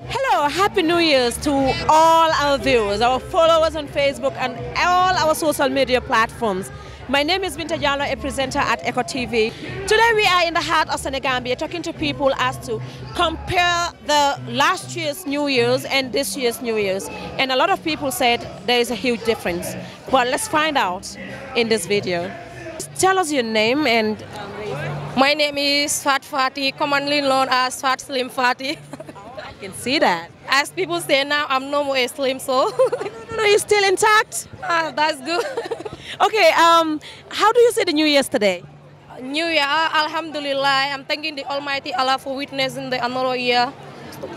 Hello, happy New Year's to all our viewers, our followers on Facebook and all our social media platforms. My name is Binta Jalo, a presenter at Echo TV. Today we are in the heart of Senegambia talking to people as to compare the last year's New Year's and this year's New Year's. And a lot of people said there is a huge difference. But let's find out in this video. Tell us your name and. My name is Fat Fati, commonly known as Fat Slim Fati. I can see that. As people say now, I'm no more a slim, so. no, no, no, you're still intact. Ah, that's good. okay, um, how do you see the new year today? New year, alhamdulillah. I'm thanking the Almighty Allah for witnessing the another year.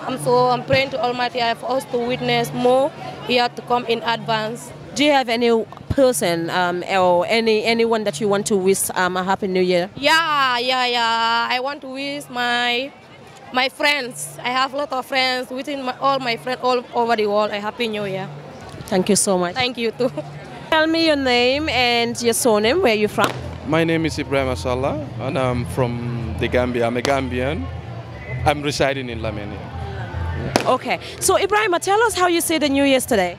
I'm so I'm praying to Almighty Allah for us to witness more year to come in advance. Do you have any person um, or any anyone that you want to wish um, a happy new year? Yeah, yeah, yeah. I want to wish my my friends. I have a lot of friends within my, all my friends all over the world. A happy new year. Thank you so much. Thank you too. Tell me your name and your surname. Where are you from? My name is Ibrahim Asala and I'm from the Gambia. I'm a Gambian. I'm residing in Lamania. Yeah. Okay, so Ibrahim, tell us how you say the New Year's today.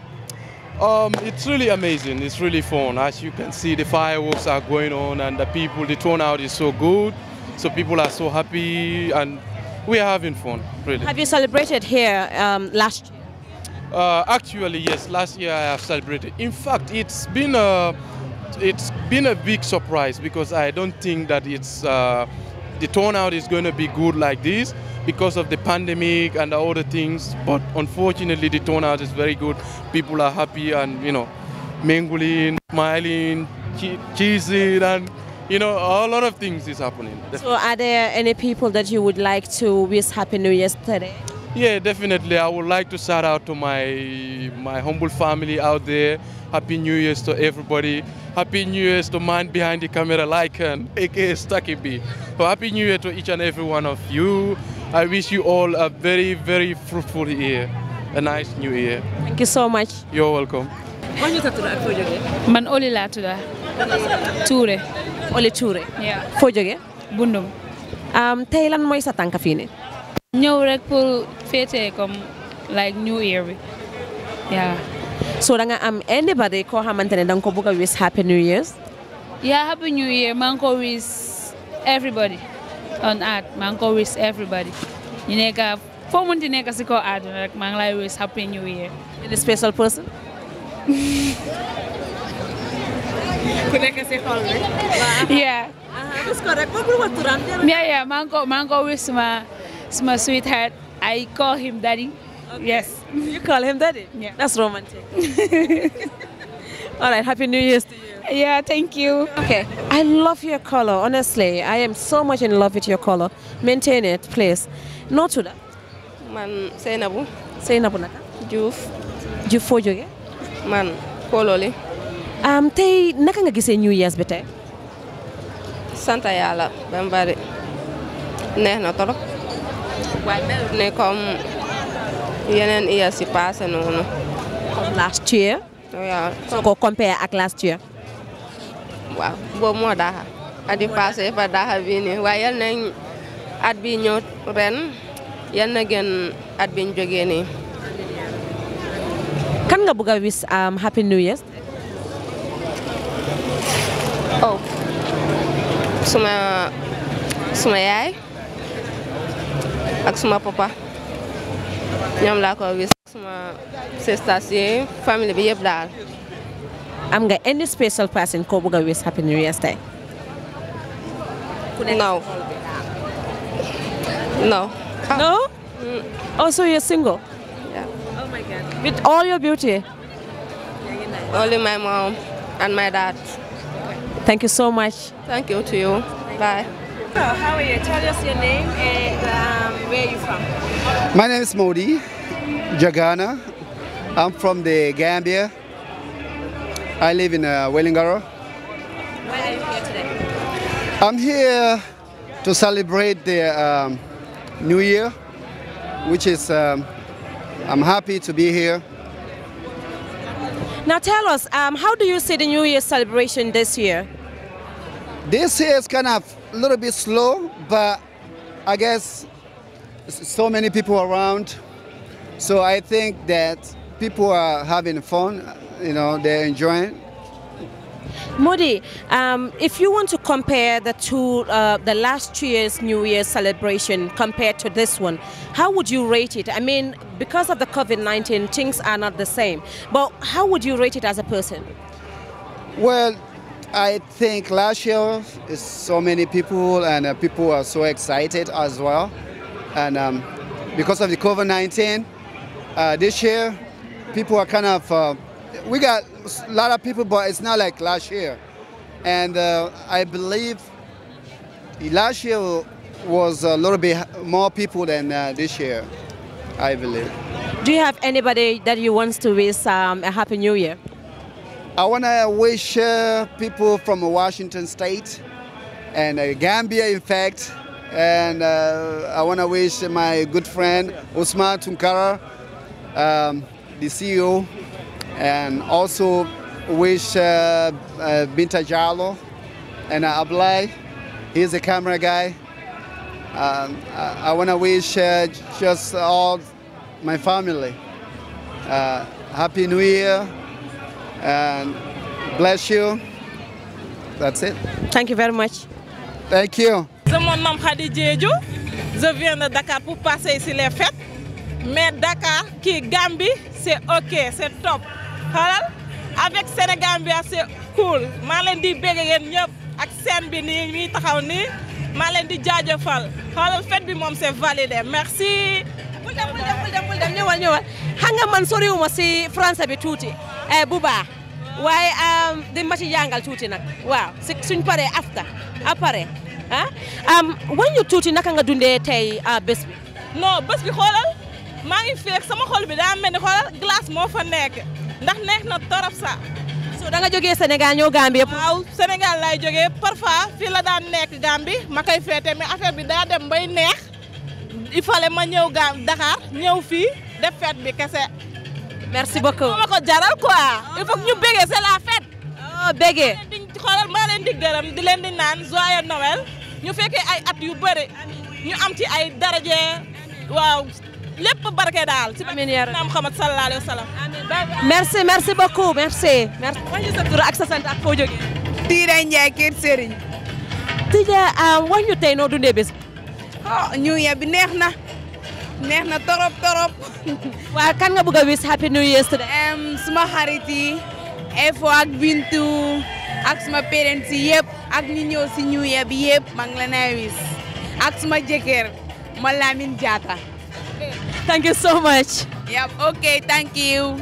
Um, it's really amazing. It's really fun. As you can see, the fireworks are going on and the people, the turnout is so good. So people are so happy and we are having fun, really. Have you celebrated here um, last year? Uh, actually, yes, last year I have celebrated. In fact, it's been a, it's been a big surprise because I don't think that it's, uh, the turnout is going to be good like this because of the pandemic and all the things. But unfortunately, the turnout is very good. People are happy and, you know, mingling, smiling, che cheesing, and, you know, a lot of things is happening. So are there any people that you would like to wish Happy New Year today? Yeah, definitely. I would like to shout out to my my humble family out there. Happy New Year's to everybody. Happy New Year's to man behind the camera, Lycan, aka Stucky B. So happy New Year to each and every one of you. I wish you all a very, very fruitful year, a nice new year. Thank you so much. You're welcome. man Oli laa tudd. Touré. foo jógee. Bundum. Um, tey lan mooy sa tànk fii nii. ñëw rek pour féetee comme like new year bi so da am anybody koo xamante ne danga ko bëgg a wish happy new years. yeah happy new year maa ngi ko everybody. on art my uncle ko wish everybody You nekk foo munti nekk si kaw àdduna rek maa ngi lay wish happy new year. The special person. ku nekk si xol rek. yeah. wish ko rek boobu ma turam. yeah yeah My uncle, my uncle ngi ko wish suma suma sweetheart I call him daddy. Yes. You call him daddy? Yeah. That's romantic. All right, Happy New Year. to you. Yeah, thank you. Okay. I love your color, honestly. I am so much in love with your color. Maintain it, No to that. Man, Seinabu. Seinabu naka? Diouf. Diouf foo jógee. Man, Kololi. am tey naka nga gisee New Year's bi tey. santa yàlla ba mu bari. neex na torop. waaye melut ne comme years yi passé noonu. last year. waaw oh, compare ak last year. waaw boobu moo daaxa at yi passé fa daaxa bii nii waaye yal at bi ñëw ren yal na gën at biñ kan nga bëgg wis um, happy new year oh suma suma yaay ak suma papa nyamla laa ko wis suma sisters family bi am nga any special person Kobo bëgg a happy new year no no. no. Mm. oh you're single. yeah. oh my God. with all your beauty. only my mom and my dad. Thank you so much. Thank you to you. Bye. So, how are you? Tell us your name and um, where are you from? My name is Modi Jagana. I'm from the Gambia. I live in uh, Wellingaro. Why are you here today? I'm here to celebrate the um, New Year, which is, um, I'm happy to be here. Now tell us, um, how do you see the New Year celebration this year? This year is kind of a little bit slow, but I guess so many people around. So I think that people are having fun you know, they're enjoying. Modi, um, if you want to compare the two, uh, the last two years' New Year celebration compared to this one, how would you rate it? I mean, because of the COVID-19, things are not the same. But how would you rate it as a person? Well, I think last year is so many people and uh, people are so excited as well. And um, because of the COVID-19, uh, this year people are kind of uh, we got a lot of people, but it's not like last year. And uh, I believe last year was a little bit more people than uh, this year, I believe. Do you have anybody that you want to wish um, a Happy New Year? I want to wish uh, people from Washington State and uh, Gambia, in fact, and uh, I want to wish my good friend Usman Tunkara, um, the CEO and also wish uh, uh, Binta Jalo and uh, Ablai. He's a camera guy. Um, I, I want to wish uh, just all my family uh, Happy New Year and bless you. That's it. Thank you very much. Thank you. Mon nom Khadi Diédiou. Je viens de Dakar pour passer ici les fêtes. Mais Dakar qui Gambie, c'est ok, c'est top. xoolal avec bi a cool maa leen di bégg yéen ak scène bi nii ñuy taxaw nii maa leen di jaajëfal xoolal fête bi moom c'est validé merci. bul dem bul dem bul dem bul dem ñëwal ñëwal xam nga si français bi tuuti eh, bu baax waaye di ma ci jàngal tuuti nag waaw si suñ paree afta après ah wan tuuti naka nga dundee tey bés bi. non bés bi xoolal maa ngi féeg sama xol bi daa mel ni xoolal glace moo fa nekk. ndax neex na torop sa so da nga joge senegal ñoo Gambie. waaw senegal lay joge parfois fi la daan nekk Gambie ma koy fete mais affaire bi da dem bay neex il fallait ma ñew Gam Dakar ñew fi def fete bi kesse merci beaucoup ma ko jaral quoi. il faut que ñu bégee c'est la fête. oh bégee. xolal ma leen di gërëm di leen di naan joyeux Noël ñu féké ay at yu bëré ñu am ci ay daraje waaw lépp barke Dal, amiin yaa rabbi Muhammad sallallahu alayhi wa sallam. merci merci beaucoup merci. merci wax ñu sa tur ak sa sant ak foo jógee. Tida Ndiaye Kër Serigne. Tida euh, wax ñu tey noo dundee bés. oh New Year bi neex na. neex na torop torop. waa kan nga bëgg a happy new year today. suma xarit yi. Efo ak Bintu ak suma parents yi yëpp ak ñi ñëw si new year bi yëpp maa ngi la nay wis ak suma jëkkër ma Lamine Diatta. Thank you so much. Yep, okay, thank you.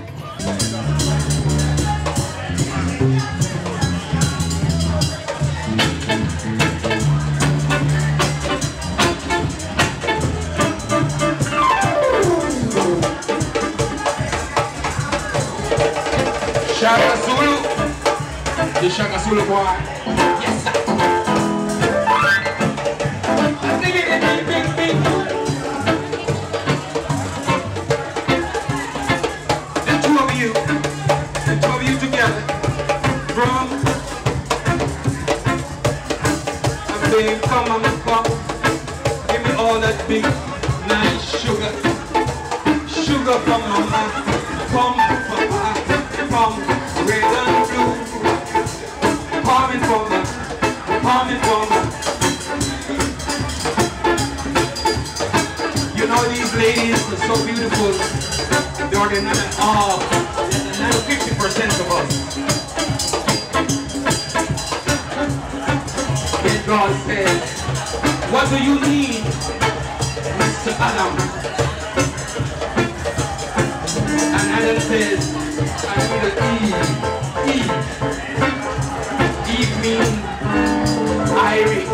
Shaka sulu. the Shaka sulu boy. some of this pop. Give me all that big, nice sugar. Sugar from mama, pump, papa, pump, red and blue. Palm it from me, palm it from me. You know these ladies are so beautiful. They're the number of 50% of us. do you need, Mr. Adam? And Adam says, I need a e, e, e. E. E. means Irish.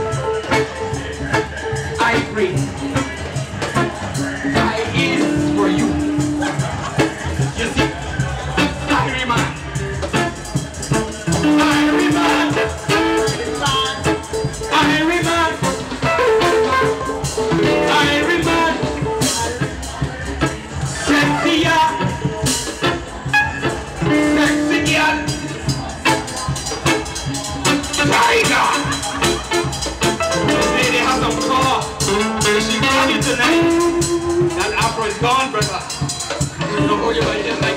It's gone, brother. You know, you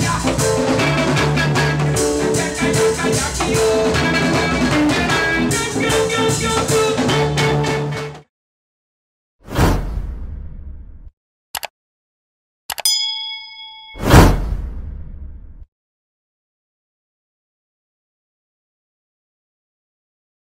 yeah.